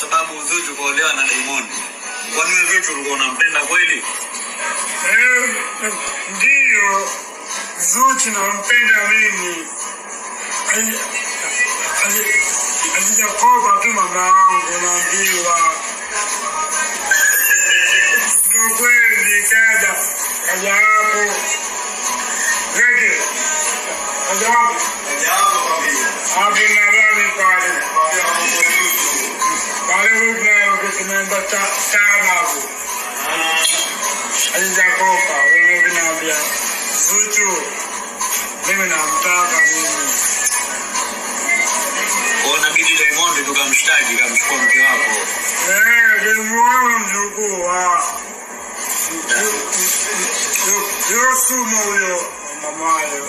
sababu Zuchu kaolewa na Diamond. Kwa nini Zuchu ulikuwa unampenda kweli? Eh, ndio Zuchu nampenda mimi. Alijakopa tu mama wangu naambiwa. Ndio kweli kaja. Kaja hapo. Kaja. Kaja hapo. Kaja hapo. Hapo na sababu alijakopa wewe vinambia Zuchu, mimi namtaka mimi nabidi Diamond tukamshtaki kamchukua mke wako mjukuu wa Yosuma huyo mamayo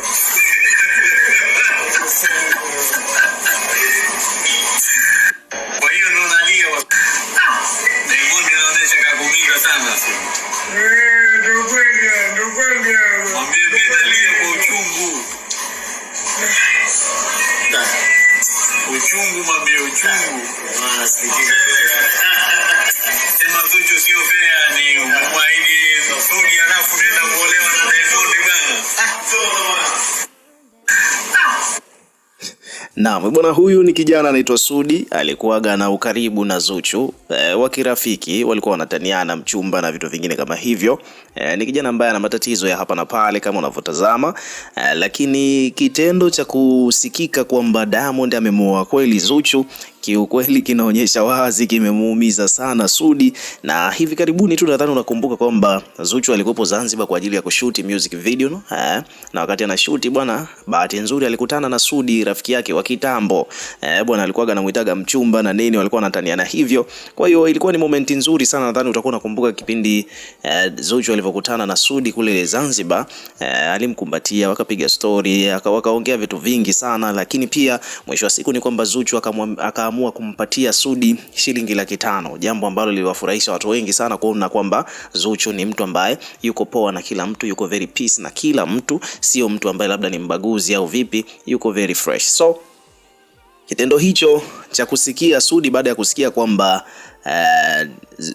sana uchungu uchungu uchungu Naam, bwana huyu ni kijana anaitwa Sudi, alikuwaga na ukaribu na Zuchu e, wa kirafiki, walikuwa wanataniana mchumba na vitu vingine kama hivyo e, ni kijana ambaye ana matatizo ya hapa na pale kama unavyotazama e, lakini kitendo cha kusikika kwamba Diamond amemoa kweli Zuchu kiukweli kinaonyesha wazi kimemuumiza sana Sudi, na hivi karibuni tu nadhani unakumbuka kwamba Zuchu alikuwepo Zanzibar kwa ajili ya kushuti music video no? Eh, na wakati anashuti bwana, bahati nzuri alikutana na Sudi rafiki yake wa kitambo eh, bwana alikuwa anamuitaga mchumba na nini, walikuwa wanataniana hivyo. Kwa hiyo ilikuwa ni moment nzuri sana, nadhani utakuwa unakumbuka kipindi eh, Zuchu alivyokutana na Sudi kule Zanzibar eh, alimkumbatia wakapiga story, wakaongea vitu vingi sana, lakini pia mwisho wa siku ni kwamba Zuchu akamwambia akaamua kumpatia Sudi shilingi laki tano, jambo ambalo liliwafurahisha watu wengi sana kuona kwamba Zuchu ni mtu ambaye yuko poa na kila mtu, yuko very peace na kila mtu, sio mtu ambaye labda ni mbaguzi au vipi, yuko very fresh so Kitendo hicho cha kusikia Sudi baada ya kusikia kwamba uh,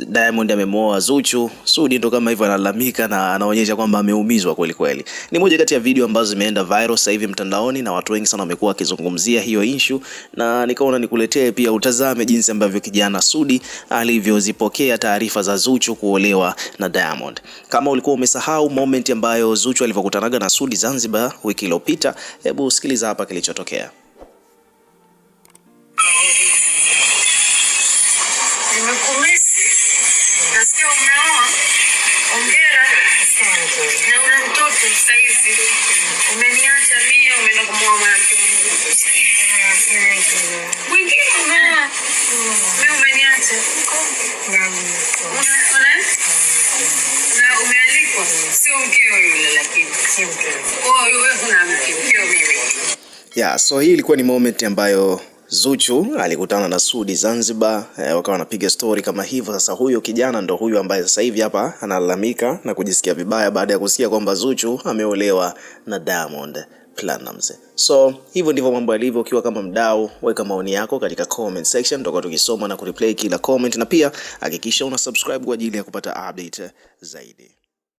Diamond amemwoa Zuchu, Sudi ndo kama hivyo analalamika na anaonyesha kwamba ameumizwa kweli kweli. Ni moja kati ya video ambazo zimeenda viral sasa hivi mtandaoni na watu wengi sana wamekuwa wakizungumzia hiyo issue, na nikaona nikuletee pia utazame jinsi ambavyo kijana Sudi alivyozipokea taarifa za Zuchu kuolewa na Diamond. Kama ulikuwa umesahau moment ambayo Zuchu alivyokutanaga na Sudi Zanzibar wiki iliyopita, hebu sikiliza hapa kilichotokea. umeoa, na una mtoto sasa hivi, umeniacha umeenda kumwoa mwanamke mwingine umeoa, umeniacha na umealikwa, sio mkeo yule, lakini oh, wewe mkeo mimi. Yeah, so hii ilikuwa ni moment ambayo Zuchu alikutana na Sudi Zanzibar, e, wakawa wanapiga stori kama hivyo. Sasa huyo kijana ndo huyo ambaye sasa hivi hapa analalamika na kujisikia vibaya baada ya kusikia kwamba Zuchu ameolewa na Diamond Platnumz. So hivyo ndivyo mambo yalivyo. Ukiwa kama mdau, weka maoni yako katika comment section, tutakuwa tukisoma na kureplay kila comment, na pia hakikisha una subscribe kwa ajili ya kupata update zaidi.